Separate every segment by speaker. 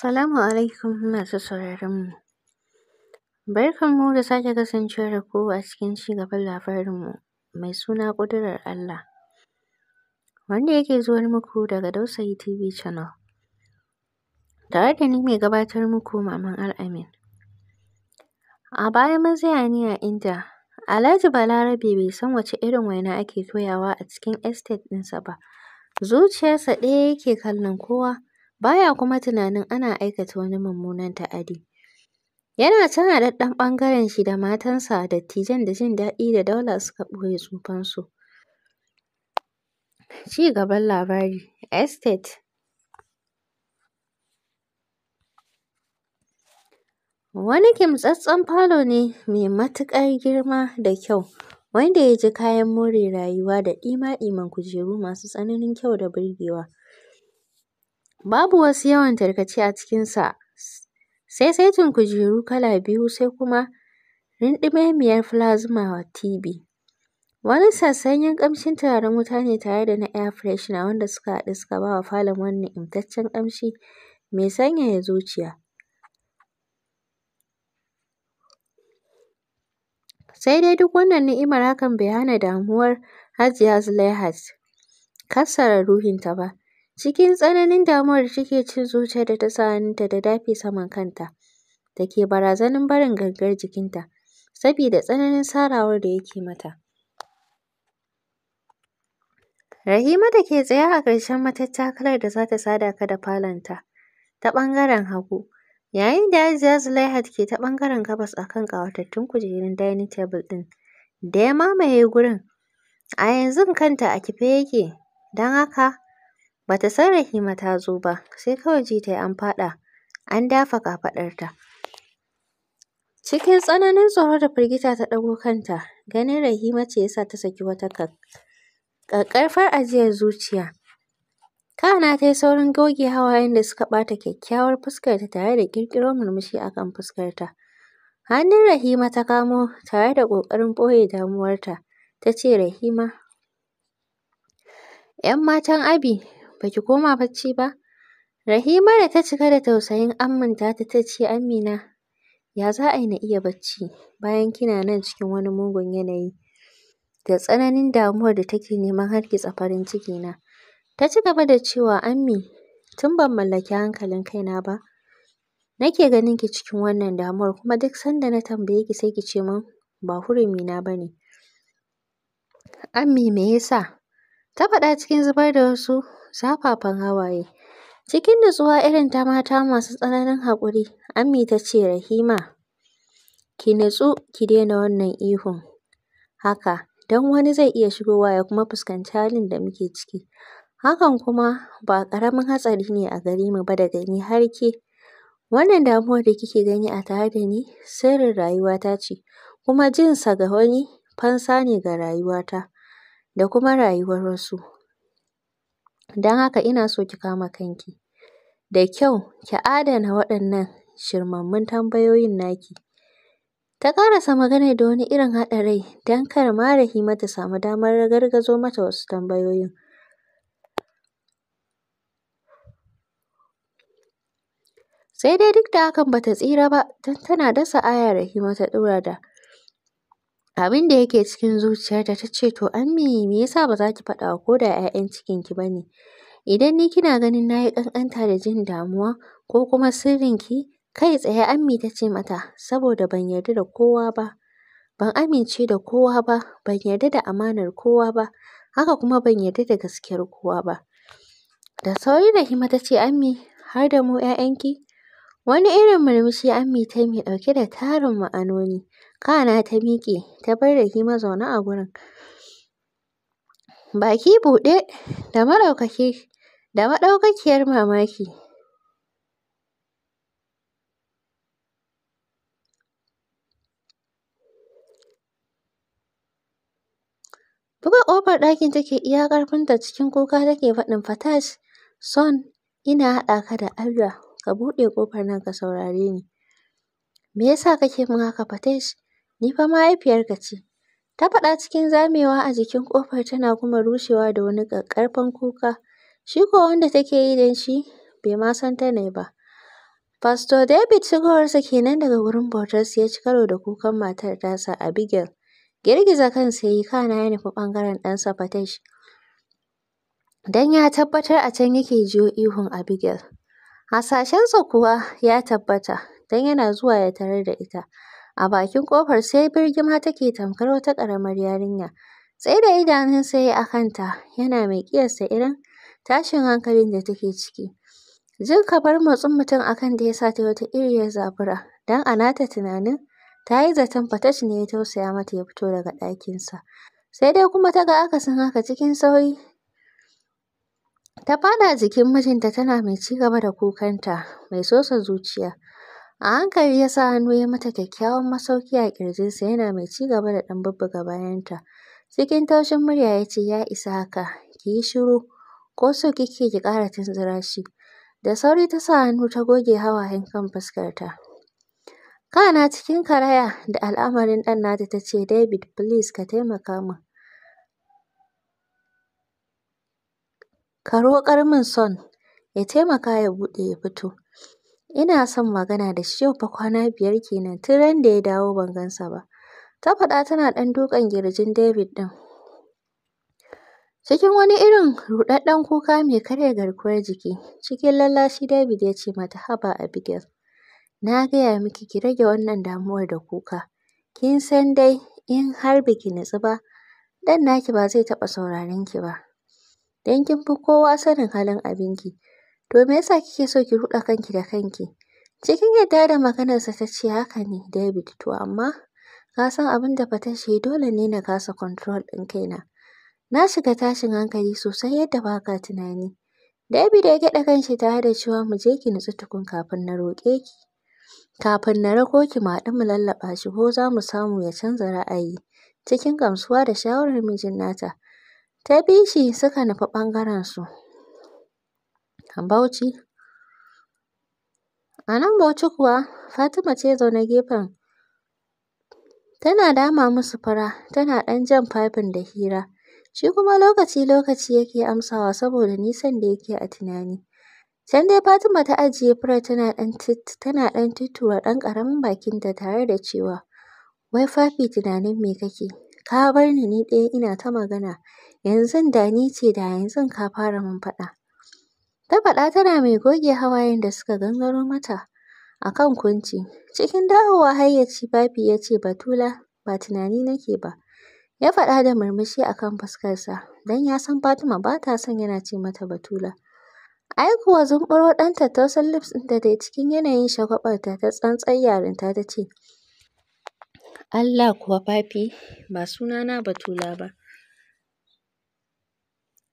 Speaker 1: Assalamu alaikum masu sauraron mu. Barkan mu da sake kasancewa da ku a cikin ci gaban labarin mu mai suna ƙudurar Allah. Wanda yake zuwar muku daga Dausayi TV Channel. Tare da ni mai gabatar muku Maman Al-Amin. A baya mun tsaya ne a inda Alhaji Balarabe bai san wace irin waina ake toyawa a cikin estate ɗinsa ba. Zuciyarsa ɗaya yake kallon kowa. baya kuma tunanin ana aikata wani mummunan ta'adi. Yana can ɓangaren shi da matansa dattijan da jin daɗi da daula suka ɓoye tsufansu. Ci gaban labari, Estate Wani kimtsatsen falo ne mai matuƙar girma da kyau wanda ya ji kayan more rayuwa da ɗima-ɗiman kujeru masu tsananin kyau da burgewa. Babu wasu yawan tarkace a cikinsa, sai saitin kujeru kala biyu sai kuma rindimemiyar plasma tb Wani sassanyen ƙamshin turaren wuta ne tare da na air freshener wanda suka haɗu suka ba wa falon wani imtaccen ƙamshi mai sanyaya zuciya. Sai dai duk wannan ni'imar hakan bai hana damuwar Hajiya Zulaihat kassara ruhinta ba. Cikin tsananin damuwar da take cin zuciyar da ta sa da dafe saman kanta da ke barazanar barin gangar jikinta sabida tsananin sarawar da yake mata. Rahima da ke tsaye a ƙarshen matattakalar da za ta sada ka da falonta ta ɓangaren hagu, yayin da Hajiya Zulaihat ke ta ɓangaren gabas a kan ƙawatattun kujerun dining table ɗin da ya mamaye gurin. A yanzu kanta a kife yake, don haka Bata san Rahima ta zo ba, sai kawai ji ta an faɗa, an dafa kafaɗarta. Cikin tsananin tsoro da firgita ta ɗago kanta, ganin Rahima ce yasa ta saki wata ƙaƙƙarfar ajiyar zuciya. Kana ta yi saurin goge hawayen da suka ɓata kyakkyawar fuskar ta tare da kirkiro murmushi akan fuskar fuskarta. Hannun Rahima ta kamo tare da ƙoƙarin ɓoye damuwarta, ta ce, Rahima, ‘yan matan Abi baki koma bacci ba? Rahima da ta cika da tausayin amminta ta ta ce Amina, ya za a yi na iya bacci bayan kina nan cikin wani mugun yanayi da tsananin damuwar da take neman hargitsa farin na. Ta ci gaba da cewa Ammi, tun ban mallaki hankalin kaina ba, nake ganin ki cikin wannan damuwar kuma duk sanda na tambaye ki sai ki ce min ba hurumina ba ne. Ammi me ya sa? Ta faɗa cikin zubar da wasu zafafan hawaye. Cikin nutsuwa irin ta mata masu tsananin haƙuri, Ami ta ce, Rahima, ki natsu ki daina wannan ihun haka, don wani zai iya shigowa ya kuma fuskanci halin da muke ciki. Hakan kuma ba ƙaramin hatsari ne a gare mu ba daga ni har ke. Wannan damuwar da kike gani a tare da ni sirrin rayuwata ce, kuma jinsa ga wani fansa ne ga rayuwata da kuma rayuwar wasu. Don haka ina so ki kama kanki da kyau ki adana waɗannan shirmammun tambayoyin naki. Ta ƙarasa maganar da wani irin haɗa rai don kar ma Rahima ta samu damar ragargazo mata wasu tambayoyin. Sai dai duk da hakan ba ta tsira ba don tana dasa aya Rahima ta ɗora da Abin da yake cikin zuciyarta ta ce to Ammi me yasa ba za ki faɗa wa ko da 'ya'yan cikinki ba ne? Idan ni kina ganin na yi ƙanƙanta da jin damuwa ko kuma sirrinki kai tsaye Ammi ta ce mata saboda ban yarda da kowa ba. Ban amince da kowa ba, ban yarda da amanar kowa ba, haka kuma ban yarda da gaskiyar kowa ba. Da sauri da hima ta ce Ammi har da mu 'ya'yanki? Wani irin murmushi Ammi ta yi mai ɗauke da tarin ma'anoni. Kana ta miƙe ta bar shi mazauna a gurin. Baki buɗe da maɗaukaki da maɗaukakiyar mamaki. Buga ƙofar ɗakin take iya ƙarfinta cikin kuka take faɗin Fatash, son ina haɗa ka da Allah ka buɗe ƙofar nan ka saurare ni. Me yasa kake min haka Fatash? Ni fa mahaifiyarka ce. Ta faɗa cikin zamewa a jikin ƙofar tana kuma rushewa da wani ƙarfin kuka. Shi kuwa wanda take yi don shi bai ma san ta ne ba. Pastor David shigowarsa kenan daga wurin bautarsa ya ci karo da kukan matar tasa Abigail. Girgiza kansa ya yi kana ya nufi ɓangaren ɗansa Fatesh. Don ya tabbatar a can yake jiyo ihun Abigail. Hasashensa kuwa ya tabbata don yana zuwa ya tarar da ita. A bakin ƙofar sai ma take tamkar wata ƙaramar yarinya. Sai da idanunsa ya a kanta, yana mai ƙiyasta irin tashin hankalin da take ciki. Jin kamar motsin mutum a da ya sa ta wata iriyar zafura, don a nata tunanin ta yi zaton Fatash ne ya tausaya mata ya fito daga ɗakinsa. Sai dai kuma ta ga akasin haka cikin sauri. Ta faɗa jikin mijinta tana mai cigaba da kukanta, mai sosa zuciya. A hankali ya sa hannu ya mata kyakkyawan masauki a ƙirjinsa yana mai ci gaba da ɗan bubbuga bayanta. Cikin taushin murya ya ce, “Ya isa haka, ki yi shiru, ko so kike ki ƙara tunzura shi?” Da sauri ta sa hannu ta goge hawayen kan fuskarta. Kana cikin karaya da al'amarin ɗan nata ta ce, “David, please ka taimaka min. Ka roƙar min son ya taimaka ya buɗe ya fito.” Ina son magana da shi yau fa kwana biyar kenan tun ran da ya dawo ban gansa ba. Ta faɗa tana ɗan dukan girjin David ɗin. Cikin wani irin ruɗaɗɗen kuka mai karya garkuwar jiki, cikin lallashi David ya ce mata, "Haba Abigail, na gaya miki ki rage wannan damuwar da kuka. Kin san dai in har biki ki nutsu ba, ɗan naki ba zai taɓa sauraron ki ba. dan kin fi kowa sanin halin abinki, To me yasa kike so ki ruɗa kanki da kanki? Cikin yadda da maganarsa ta ce haka ne David to amma ka san abin da fata shi dole ne na kasa control din kaina. Na shiga tashin hankali sosai yadda ba ka tunani. David ya gyaɗa kanshi tare da cewa mu je ki nutsu tukun kafin na roƙe ki. Kafin na rako ki mu mu lallaba shi ko za mu samu ya canza ra'ayi. Cikin gamsuwa da shawarar mijin nata. Ta bi shi suka nufi ɓangaren su. a Bauchi. A nan Bauchi kuwa Fatima ce zaune gefen tana dama musu fara, tana ɗan jan fafin da hira. Shi kuma lokaci-lokaci yake amsawa saboda nisan da yake a tunani. Can dai Fatima ta ajiye furar tana ɗan tuttura ɗan ƙaramin bakinta tare da cewa, wai Fafi tunanin me kake? Ka bar ni ni ɗaya ina ta magana, yanzun da ni ce da yanzun ka fara min faɗa. ta faɗa tana mai goge hawayen da suka gangaro mata a kan kunci. Cikin dawowa hayyaci Fafi ya ce Batula ba tunani nake ba. Ya faɗa da murmushi a kan fuskarsa don ya san Fatima ba ta son yana ce mata Batula. Ai kuwa zumburo ɗan tattausan lips ɗin da dai cikin yanayin shagwaɓarta ta tsantsar yarinta ta ce, Allah kuwa Fafi ba sunana Batula ba.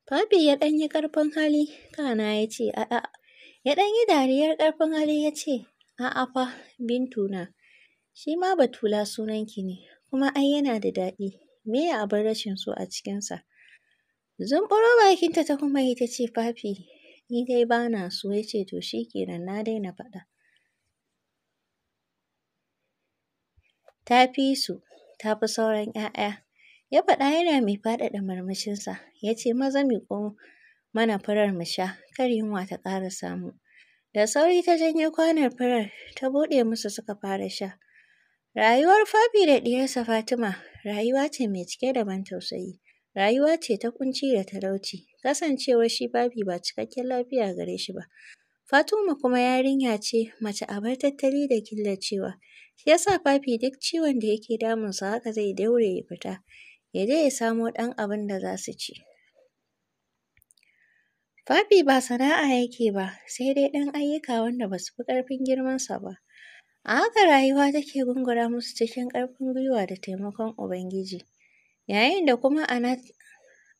Speaker 1: Fabi ya ɗan yi ƙarfin hali, kana ya ce, a'a. Ya ɗan yi dariyar ƙarfin hali ya ce, a'a fa, Bintu Shi ma Batula sunanki ne, kuma ai yana da daɗi. Me ya abin rashin so a cikinsa? Zumburo bakinta ta kuma yi ta ce, Fafi, ni dai ba na so, ya ce, to shi kenan na daina faɗa. Ta fi su, ta fi sauran ‘ya'ya. Ya faɗa yana mai faɗaɗa marmashinsa, ya ce maza miƙo mana furar mu sha, kar yunwa ta ƙara samu. Da sauri ta janyo kwanon furar, ta buɗe musu suka fara sha. Rayuwar Fafi da ɗiyarsa Fatima rayuwa ce mai cike da ban tausayi, rayuwa ce ta ƙunci da talauci, kasancewar shi Fafi ba cikakken lafiya gare shi ba. Fatima kuma yarinya ce mace abar tattali da killacewa, shi ya sa Fafi duk ciwon da yake damunsa haka zai daure ya fita. ya je ya samo ɗan abin da za su ci. Fafi ba sana'a yake ba, sai dai ɗan ayyuka wanda ba su fi ƙarfin girmansa ba. A haka rayuwa take gungura musu cikin ƙarfin gwiwa da taimakon Ubangiji. Yayin da kuma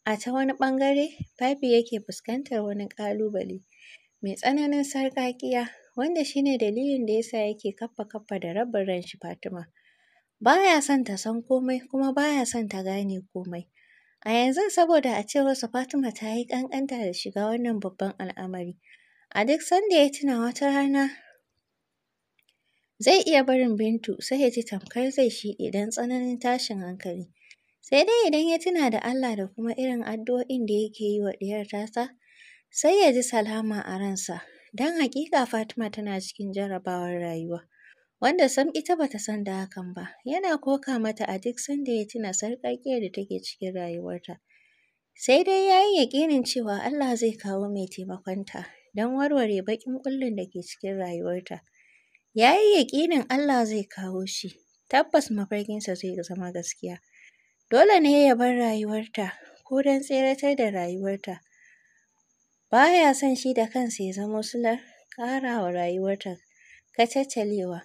Speaker 1: a ta wani ɓangare, Fafi yake fuskantar wani ƙalubale mai tsananin sarƙaƙiya wanda shi ne dalilin da ya sa yake kaffa kafa da rabin ranshi Fatima. Ba ya son ta san komai kuma ba ya son ta gane komai. A yanzu saboda a cewarsa Fatima ta yi ƙanƙanta da shiga wannan babban al'amari. A duk sanda ya tuna wata rana zai iya barin Bintu sai ya ji tamkar zai shiɗe don tsananin tashin hankali. Sai dai idan ya tuna da Allah da kuma irin addu'o'in da yake yi wa ɗiyar tasa, sai ya ji salama a ransa. Don haƙiƙa Fatima tana cikin jarrabawar rayuwa. wanda sam ita ba san da hakan ba. Yana koka mata a duk sanda ya tuna sarƙaƙiyar da take cikin rayuwarta. Sai dai yayi yaƙinin cewa Allah zai kawo mai taimakon ta, don warware baƙin ƙullin da ke cikin rayuwarta. yayi yaƙinin Allah zai kawo shi, tabbas mafarkinsa zai zama gaskiya. Dole ne ya bar rayuwarta ko don tseratar da rayuwarta. baya son shi da kansa ya zamo silar ƙarawa rayuwarta kacaccalewa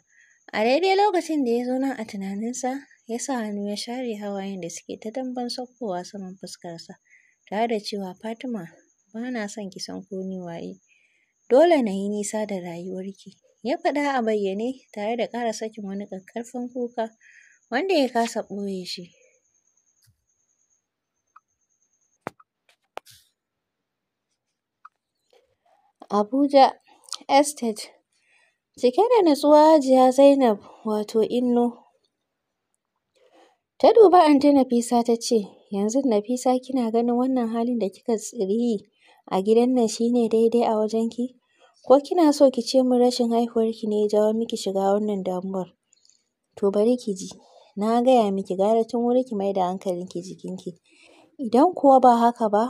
Speaker 1: A daidai lokacin da ya zo nan a tunaninsa, ya sa hannu ya share hawayen da suke ta damben saukowa saman fuskarsa, tare da cewa Fatima, ba na son ki san ko waye. Dole na yi nisa da rayuwarki. Ya faɗa a bayyane tare da ƙara sakin wani ƙaƙƙarfan kuka wanda ya kasa ɓoye shi. Abuja Estate Cike da natsuwa Hajiya Zainab wato Inno ta duba Anti Nafisa ta ce, yanzu Nafisa kina ganin wannan halin da kika tsiri a gidan nan shine daidai a wajen ki? Ko kina so ki ce min rashin haihuwarki ne ya jawo miki shiga wannan damuwar? To bari ki ji, na gaya miki gara tun wuri ki maida hankalinki jikinki. Idan kuwa ba haka ba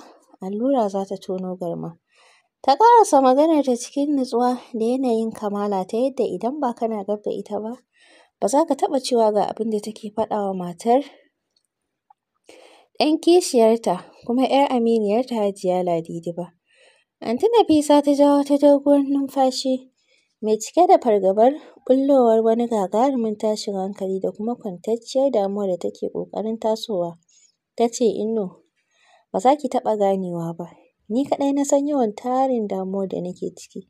Speaker 1: allura za ta tono garma. Ta ƙarasa ta cikin nutsuwa da yanayin kamala ta yadda idan ba kana gab da ita ba, ba za ka taɓa cewa ga abin da take faɗa wa matar ɗan kishiyarta kuma 'yar aminiyarta Hajiya Ladidi ba. Anti Nafisa ta jawo ta doguwar numfashi mai cike da fargabar ɓullowar wani gagarumin tashin hankali da kuma kwantacciyar damuwar da take ƙoƙarin tasowa. Ta ce, Inno, ba za ki taɓa ganewa ba, Ni kaɗai na san yawan tarin damuwar da nake ciki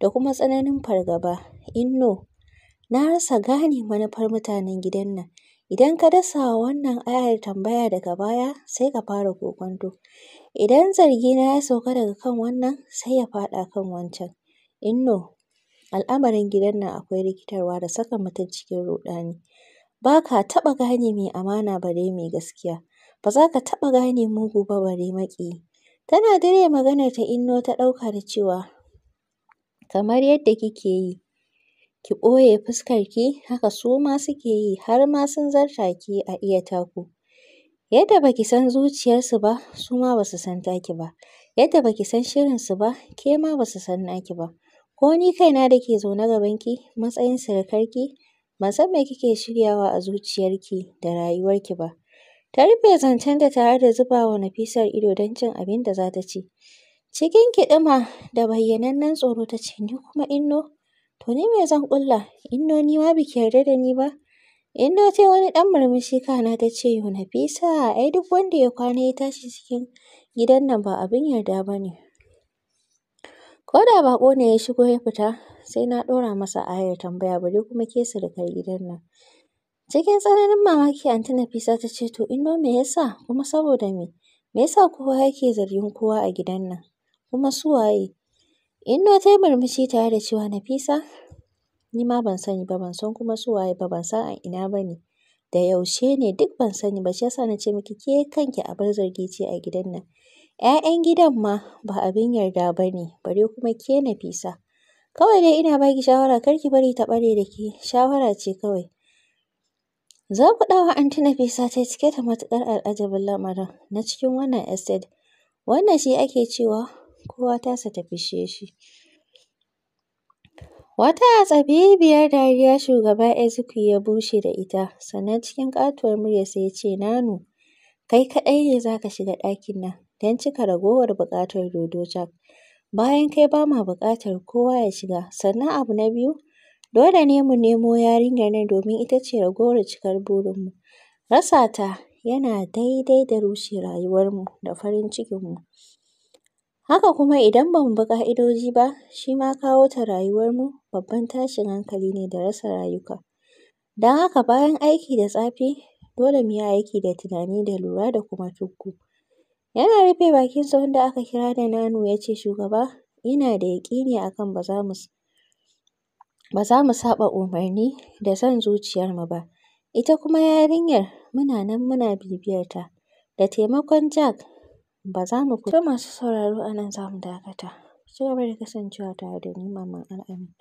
Speaker 1: da kuma tsananin fargaba. Inno, na rasa gane manufar mutanen gidan nan. Idan ka dasa wa wannan ayar tambaya daga baya, sai ka fara kokonto Idan zargi na ya sauka daga kan wannan, sai ya faɗa kan wancan. Inno, al'amarin gidan nan akwai rikitarwa da saka mutum cikin ruɗani. Ba ka taɓa gane mai amana bare mai gaskiya. Ba za ka taɓa gane mugu ba bare maƙiyi. Tana dare magana ta Inno ta ɗauka da cewa kamar yadda kike yi ki ɓoye ki, haka su ma suke yi har ma sun zarta ki a iya taku. Yadda baki san zuciyar su ba su ma basu san taki ba. Yadda baki san shirin su ba ke ma basu san naki ba. Ko ni kaina da ke zaune ki, matsayin ki ban san me kike shiryawa a zuciyar ki da rayuwar ki ba. Ta rufe zancen zancenta tare da zuba wa Nafisar ido don cin abin da za ta ci. Cikin kiɗima da bayyanannen tsoro ta ce, Ni kuma Inno, to ni me zan ƙulla? Inno ni ma ba yarda da ni ba? Inno ta wani ɗan murmushi kana ta ce, Yo Nafisa, ai duk wanda ya kwana ya tashi cikin gidan nan ba abin yarda ba ne. Ko da baƙo ne ya shigo ya fita, sai na ɗora masa ayar tambaya, bari kuma ke surukar gidan nan. Cikin tsananin mamaki Anty Nafisa ta ce to ino me yasa kuma saboda me? Me yasa kowa yake zargin kowa a gidan nan? Kuma su waye? ino ta yi murmushi tare da cewa Nafisa ni ma ban sani ba ban san kuma su waye ba ban san a ina ba ne. Da yaushe ne duk ban sani ba shi yasa na ce miki ke kanki abar zargi ce a gidan nan. ‘Ya'yan gidan ma ba abin yarda ba ne bare kuma ke Nafisa. Kawai dai ina baki shawara kar ki bari ta ɓare da ke shawara ce kawai. Za ku ɗawa tuna Nafisa ta cike ta matukar al'ajabin lamarin na cikin wannan estate. Wannan shi ake cewa kowa tasa ta fishe shi. Wata biyar dariya shugaba Ezeku ya bushe da ita, sannan cikin ƙatuwar sai ya ce, Nanu, kai kaɗai ne za ka shiga ɗakin nan don cika ragowar bukatar Dodo Jack. Bayan kai ba ma bukatar kowa ya shiga, sannan abu na biyu, Dole ne mu nemo yarinyar nan domin ita ce ragowar cikar burinmu. Rasa ta yana daidai da rushe rayuwarmu da farin cikinmu. Haka kuma idan ba mu bi ƙa'idoji ba, shi ma kawo ta rayuwarmu babban tashin hankali ne da rasa rayuka. Don haka bayan aiki da tsafi, dole mu yi aiki da tunani da lura da kuma tuggu. Yana rufe bakinsa wanda aka kira da Nano ya ce, Shugaba, ina da yaƙini a kan ba za mu ba za mu saɓa umarni da son zuciyarmu ba. Ita kuma yarinyar muna nan muna bibiyar ta. Da taimakon Jack ba za mu ku masu sauraro a nan za mu dakata. Ku ci gaba da kasancewa tare da ni Maman Al'amin.